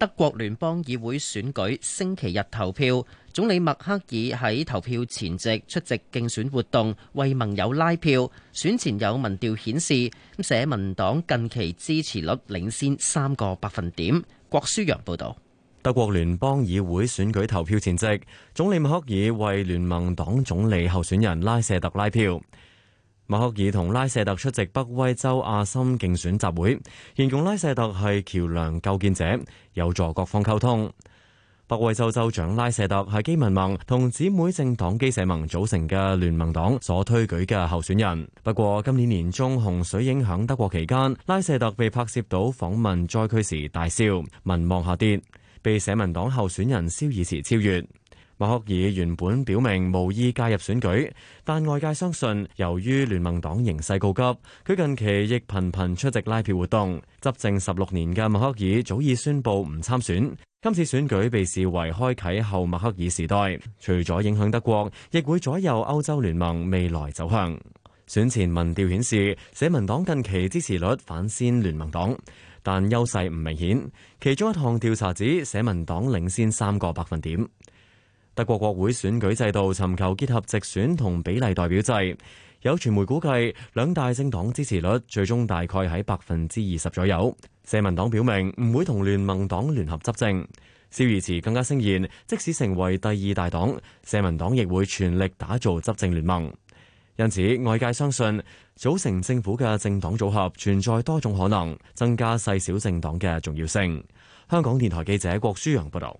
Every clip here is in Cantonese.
德國聯邦議會選舉星期日投票，總理默克爾喺投票前夕出席競選活動為盟友拉票。選前有民調顯示，社民黨近期支持率領先三個百分點。郭書陽報道，德國聯邦議會選舉投票前夕，總理默克爾為聯盟黨總理候選人拉舍特拉票。默克爾同拉舍特出席北威州亞森競選集會，形容拉舍特係橋梁構建者，有助各方溝通。北威州州長拉舍特係基民盟同姊妹政黨基社盟組成嘅聯盟黨所推舉嘅候選人。不過今年年中洪水影響德國期間，拉舍特被拍攝到訪問災區時大笑，民望下跌，被社民黨候選人肖爾茨超越。默克爾原本表明無意介入選舉，但外界相信，由於聯盟黨形勢告急，佢近期亦頻頻出席拉票活動。執政十六年嘅默克爾早已宣布唔參選，今次選舉被視為開啟後默克爾時代。除咗影響德國，亦會左右歐洲聯盟未來走向。選前民調顯示，社民黨近期支持率反先聯盟黨，但優勢唔明顯。其中一項調查指，社民黨領先三個百分點。德國國會選舉制度尋求結合直選同比例代表制，有傳媒估計兩大政黨支持率最終大概喺百分之二十左右。社民黨表明唔會同聯盟黨聯合執政，肖爾茨更加聲言，即使成為第二大黨，社民黨亦會全力打造執政聯盟。因此，外界相信組成政府嘅政黨組合存在多種可能，增加細小政黨嘅重要性。香港電台記者郭舒揚報道。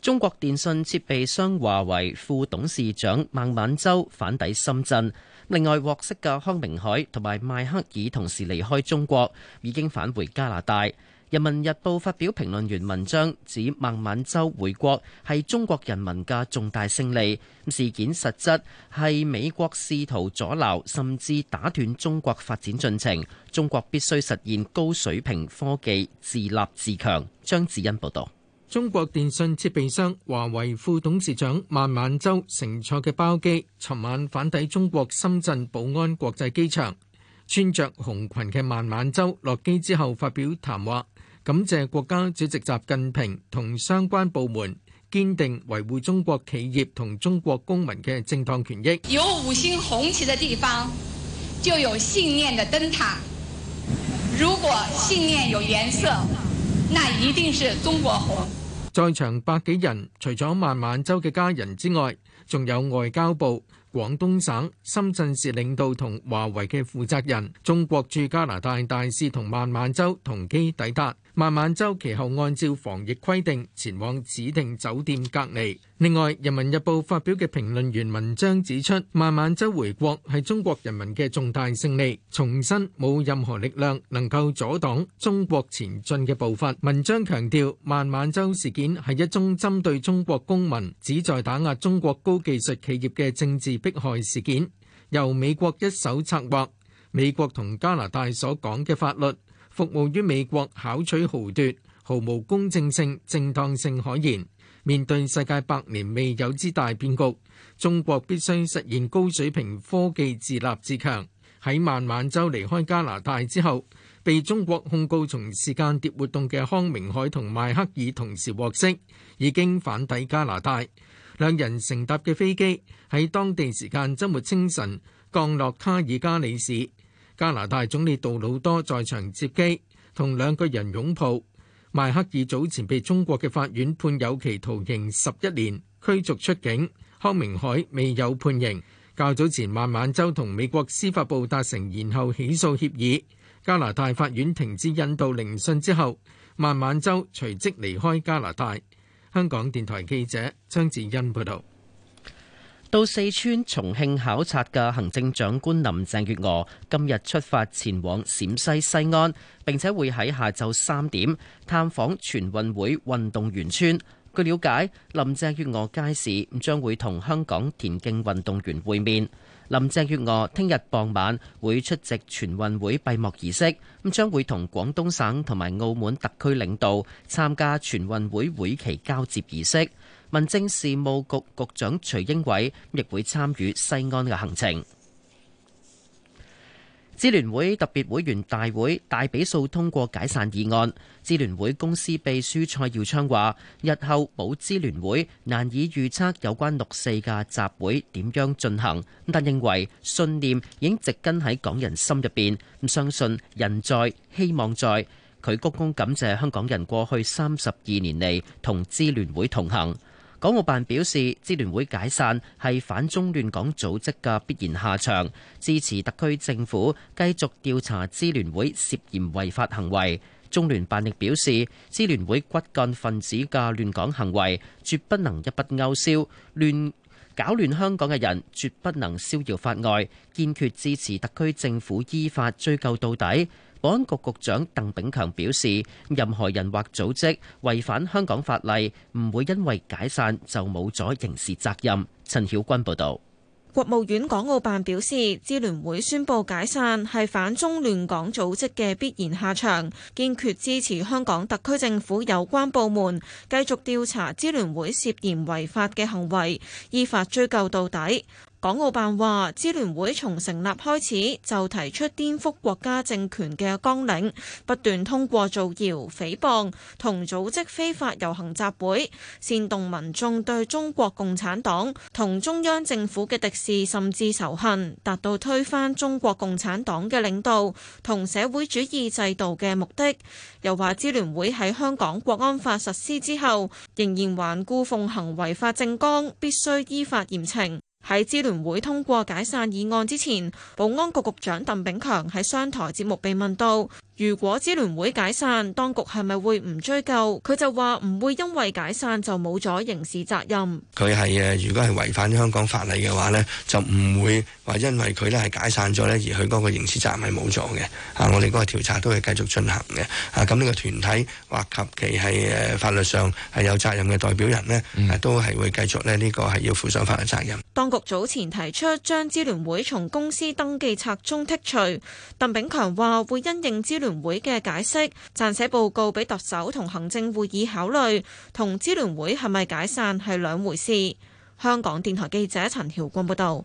中國電信設備商華為副董事長孟晚舟返抵深圳，另外獲釋嘅康明海同埋邁克爾同時離開中國，已經返回加拿大。人民日報發表評論員文章，指孟晚舟回國係中國人民嘅重大勝利，事件實質係美國試圖阻撓，甚至打斷中國發展進程，中國必須實現高水平科技自立自強。張智恩報道。中國電信設備商華為副董事長孟晚舟乘坐嘅包機，尋晚返抵中國深圳寶安國際機場。穿着紅裙嘅孟晚舟落機之後發表談話，感謝國家主席習近平同相關部門堅定維護中國企業同中國公民嘅正當權益。有五星紅旗的地方，就有信念嘅燈塔。如果信念有顏色，那一定是中國紅。在場百幾人，除咗孟晚舟嘅家人之外，仲有外交部。廣東省深圳市領導同華為嘅負責人、中國駐加拿大大使同孟晚舟同機抵達。孟晚舟其後按照防疫規定前往指定酒店隔離。另外，《人民日報》發表嘅評論員文章指出，孟晚舟回國係中國人民嘅重大勝利，重申冇任何力量能夠阻擋中國前進嘅步伐。文章強調，孟晚舟事件係一宗針對中國公民、旨在打壓中國高技術企業嘅政治迫害事件由美國一手策劃，美國同加拿大所講嘅法律服務於美國巧取豪奪，毫無公正性、正當性可言。面對世界百年未有之大變局，中國必須實現高水平科技自立自強，喺孟晚舟離開加拿大之後，被中國控告從事間諜活動嘅康明凱同邁克爾同時獲釋，已經返抵加拿大。兩人乘搭嘅飛機喺當地時間週末清晨降落卡爾加里市。加拿大總理杜魯多在場接機，同兩個人擁抱。邁克爾早前被中國嘅法院判有期徒刑十一年，驅逐出境。康明凱未有判刑，較早前孟晚舟同美國司法部達成延後起訴協議。加拿大法院停止印度聆訊之後，孟晚舟隨即離開加拿大。香港電台記者張智恩報道，到四川重慶考察嘅行政長官林鄭月娥今日出發前往陝西西安，並且會喺下晝三點探訪全運會運動員村。據了解，林鄭月娥屆時將會同香港田徑運動員會面。林鄭月娥聽日傍晚會出席全運會閉幕儀式，咁將會同廣東省同埋澳門特區領導參加全運會會期交接儀式。民政事務局局長徐英偉亦會參與西安嘅行程。支聯會特別會員大會大比數通過解散議案。支聯會公司秘書蔡耀昌話，日後冇支聯會難以預測有關六四嘅集會點樣進行，但認為信念已經植根喺港人心入邊。相信人在希望在，佢鞠躬感謝香港人過去三十二年嚟同支聯會同行。港澳辦表示，支聯會解散係反中亂港組織嘅必然下場，支持特區政府繼續調查支聯會涉嫌違法行為。中聯辦亦表示，支聯會骨幹分子嘅亂港行為絕不能一筆勾銷，亂搞亂香港嘅人絕不能逍遙法外，堅決支持特區政府依法追究到底。保安局局長鄧炳強表示，任何人或組織違反香港法例，唔會因為解散就冇咗刑事責任。陳曉君報道。國務院港澳辦表示，支聯會宣布解散係反中亂港組織嘅必然下場，堅決支持香港特區政府有關部門繼續調查支聯會涉嫌違法嘅行為，依法追究到底。港澳辦話，支聯會從成立開始就提出顛覆國家政權嘅綱領，不斷通過造謠、誹謗同組織非法游行集會，煽動民眾對中國共產黨同中央政府嘅敵視甚至仇恨，達到推翻中國共產黨嘅領導同社會主義制度嘅目的。又話，支聯會喺香港國安法實施之後，仍然頑固奉行違法政綱，必須依法嚴懲。喺支聯會通過解散議案之前，保安局局長鄧炳強喺商台節目被問到，如果支聯會解散，當局係咪會唔追究？佢就話唔會因為解散就冇咗刑事責任。佢係誒，如果係違反香港法例嘅話呢就唔會話因為佢咧係解散咗呢而佢嗰個刑事責任係冇咗嘅。啊，我哋嗰個調查都係繼續進行嘅。啊，咁、這、呢個團體或及其係誒法律上係有責任嘅代表人呢、嗯、都係會繼續呢呢、這個係要負上法律責任。當局早前提出將支聯會從公司登記冊中剔除，鄧炳強話會因應支聯。會嘅解釋撰寫報告俾特首同行政會議考慮，同支聯會係咪解散係兩回事。香港電台記者陳曉君報道。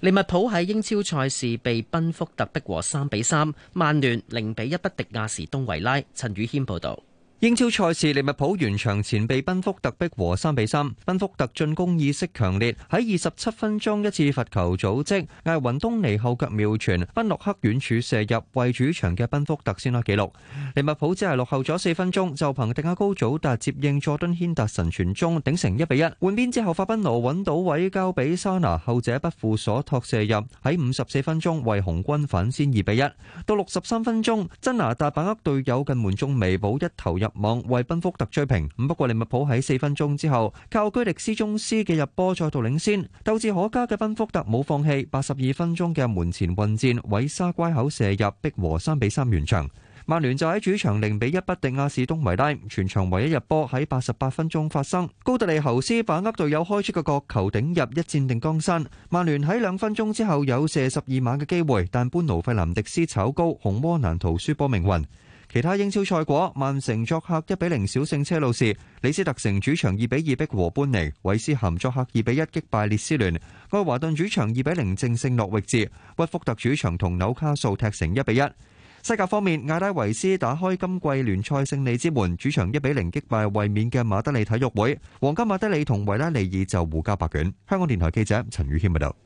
利物浦喺英超賽事被賓福特逼和三比三，曼聯零比一不敵亞士東維拉。陳宇謙報道。英超賽事利物浦完場前被賓福特逼和三比三。賓福特進攻意識強烈，喺二十七分鐘一次罰球組織，艾雲東尼後腳妙傳，賓洛克遠處射入，為主場嘅賓福特先開紀錄。利物浦只係落後咗四分鐘，就憑迪亞高祖達接應佐敦軒達神傳中，頂成一比一。換邊之後，法賓羅揾到位交俾沙拿，後者不負所託射入，喺五十四分鐘為紅軍反先二比一。到六十三分鐘，真拿達把握隊友近門中微補一投入。網為賓福特追平，不過利物浦喺四分鐘之後靠居迪斯宗斯嘅入波再度領先。鬥志可嘉嘅賓福特冇放棄，八十二分鐘嘅門前混戰，韋沙乖口射入，逼和三比三完場。曼聯就喺主場零比一不敵亞士東維拉，全場唯一入波喺八十八分鐘發生，高特利侯斯把握隊友開出嘅角球頂入，一戰定江山。曼聯喺兩分鐘之後有射十二碼嘅機會，但班奴費林迪斯炒高，紅魔難逃輸波命運。其他英超賽果：曼城作客一比零小勝車路士，李斯特城主場二比二逼和班尼，韋斯咸作客二比一擊敗列斯聯，愛華頓主場二比零正勝諾域治，屈福特主場同紐卡素踢成一比一。西甲方面，亞拉維斯打開今季聯賽勝利之門，主場一比零擊敗衛冕嘅馬德里體育會，皇家馬德里同維拉利爾就互交白卷。香港電台記者陳宇謙報道。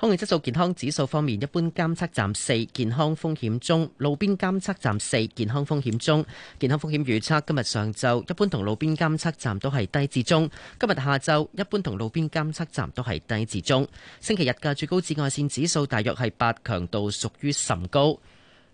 空氣質素健康指數方面，一般監測站四健康風險中，路邊監測站四健康風險中。健康風險預測今日上晝一般同路邊監測站都係低至中，今日下晝一般同路邊監測站都係低至中。星期日嘅最高紫外線指數大約係八，強度屬於甚高。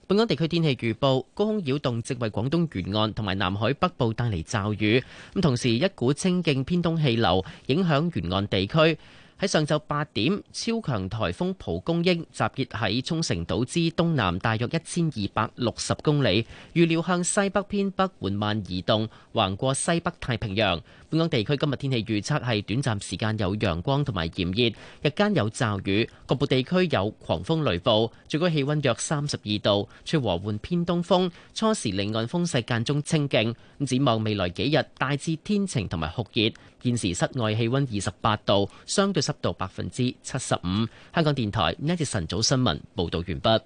本港地區天氣預報，高空擾動即為廣東沿岸同埋南海北部帶嚟驟雨，咁同時一股清勁偏東氣流影響沿岸地區。喺上晝八點，超強颱風蒲公英集結喺沖繩島之東南，大約一千二百六十公里，預料向西北偏北緩慢移動，橫過西北太平洋。本港地區今日天，天氣預測係短暫時間有陽光同埋炎熱，日間有驟雨，局部地區有狂風雷暴，最高氣温約三十二度，吹和緩偏東風，初時離岸風勢間中清勁。展望未來幾日，大致天晴同埋酷熱。現時室外氣温二十八度，相對濕度百分之七十五。香港電台今日晨早新聞報道完畢。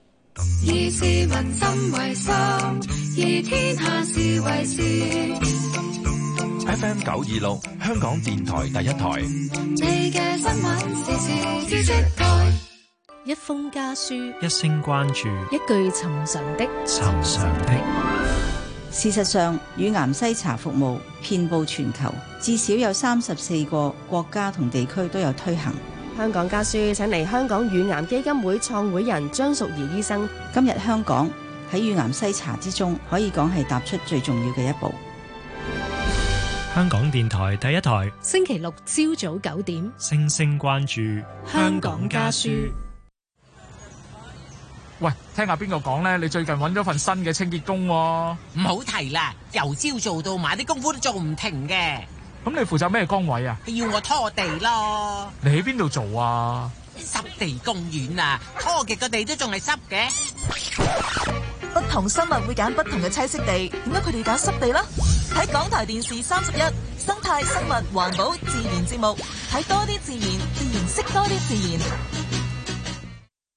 FM 九二六，香港電台第一台。一封家書，一聲關注，一句尋常的，尋常的。事實上，乳癌篩查服務遍布全球，至少有三十四個國家、同地區都有推行。香港家書請嚟香港乳癌基金會創會人張淑儀醫生。今日香港喺乳癌篩查之中，可以講係踏出最重要嘅一步。香港電台第一台，星期六朝早，早九點，星星關注《香港家書》家書。喂，聽下邊個講咧？你最近揾咗份新嘅清潔工啊？唔好提啦，由朝做到晚，啲功夫都做唔停嘅。咁你負責咩崗位啊？要我拖地咯。你喺邊度做啊？濕地公園啊，拖極個地都仲係濕嘅。不同生物會揀不同嘅棲息地，點解佢哋揀濕地咯？喺港台電視三十一生態生物環保自然節目，睇多啲自然，自然識多啲自然。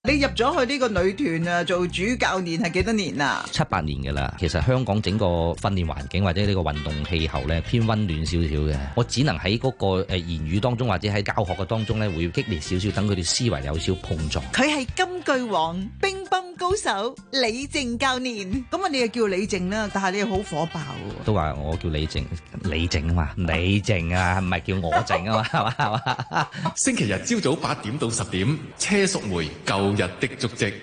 你入咗去呢個女團啊，做主教練係幾多年啊？七八年噶啦。其實香港整個訓練環境或者呢個運動氣候咧，偏溫暖少少嘅。我只能喺嗰個誒言語當中，或者喺教學嘅當中咧，會激烈少少，等佢哋思維有少少碰撞。佢係金句王。高手李靜教練，咁啊你又叫李靜啦，但係你又好火爆，都話我叫李靜，李靜 啊嘛，李靜啊，唔係叫我靜啊嘛，係嘛係嘛？星期日朝早八點到十點，車淑梅，舊日的足跡。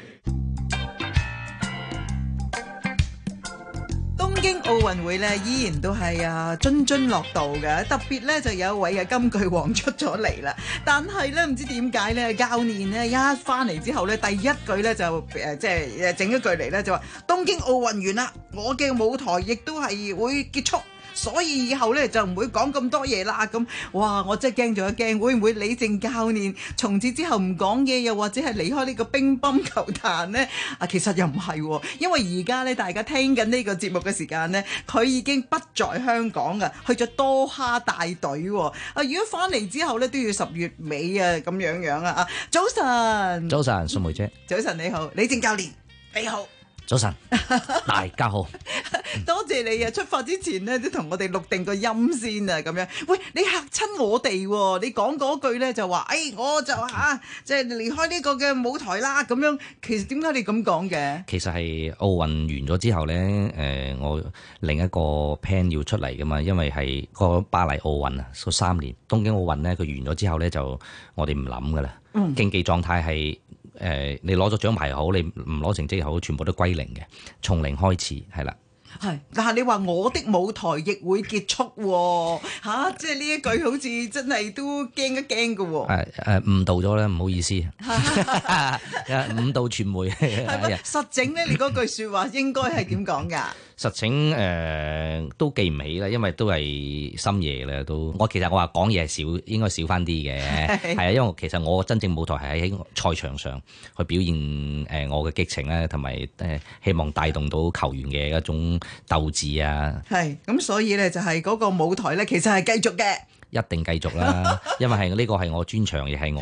東京奧運會咧，依然都係啊津津樂道嘅，特別咧就有一位嘅金句王出咗嚟啦。但係咧唔知點解咧，教練咧一翻嚟之後咧，第一句咧就誒即係誒整一句嚟咧就話：東京奧運完啦，我嘅舞台亦都係會結束。」所以以後咧就唔會講咁多嘢啦咁，哇！我真係驚咗一驚，會唔會李靜教練從此之後唔講嘢，又或者係離開呢個乒乓球壇呢？啊，其實又唔係喎，因為而家咧大家聽緊呢個節目嘅時間呢，佢已經不在香港噶，去咗多哈大隊。啊，如果翻嚟之後呢，都要十月尾啊咁樣樣啊！早晨，早晨，宋梅姐，早晨你好，李靜教練，你好。早晨， 大家好， 多謝你啊！嗯、出發之前呢，都同我哋錄定個音先啊，咁樣。喂，你吓親我哋，你講嗰句咧就話，哎，我就吓，即係離開呢個嘅舞台啦，咁樣。其實點解你咁講嘅？其實係奧運完咗之後咧，誒、呃，我另一個 plan 要出嚟噶嘛，因為係個巴黎奧運啊，嗰三年。東京奧運咧，佢完咗之後咧，就我哋唔諗噶啦。嗯，競技狀態係。誒、呃，你攞咗獎牌好，你唔攞成績又好，全部都歸零嘅，從零開始係啦。係，但係你話我的舞台亦會結束、啊，吓、 啊，即係呢一句好似真係都驚一驚噶。係誒、啊，誤導咗咧，唔好意思。誤導傳媒係 實整咧？你嗰句說話應該係點講噶？ 實情誒、呃、都記唔起啦，因為都係深夜啦，都我其實我話講嘢係少，應該少翻啲嘅，係啊的，因為其實我真正舞台係喺賽場上去表現，誒我嘅激情咧，同埋誒希望帶動到球員嘅一種鬥志啊。係，咁所以咧就係嗰個舞台咧，其實係繼續嘅，一定繼續啦，因為係呢個係我專長，亦係 我。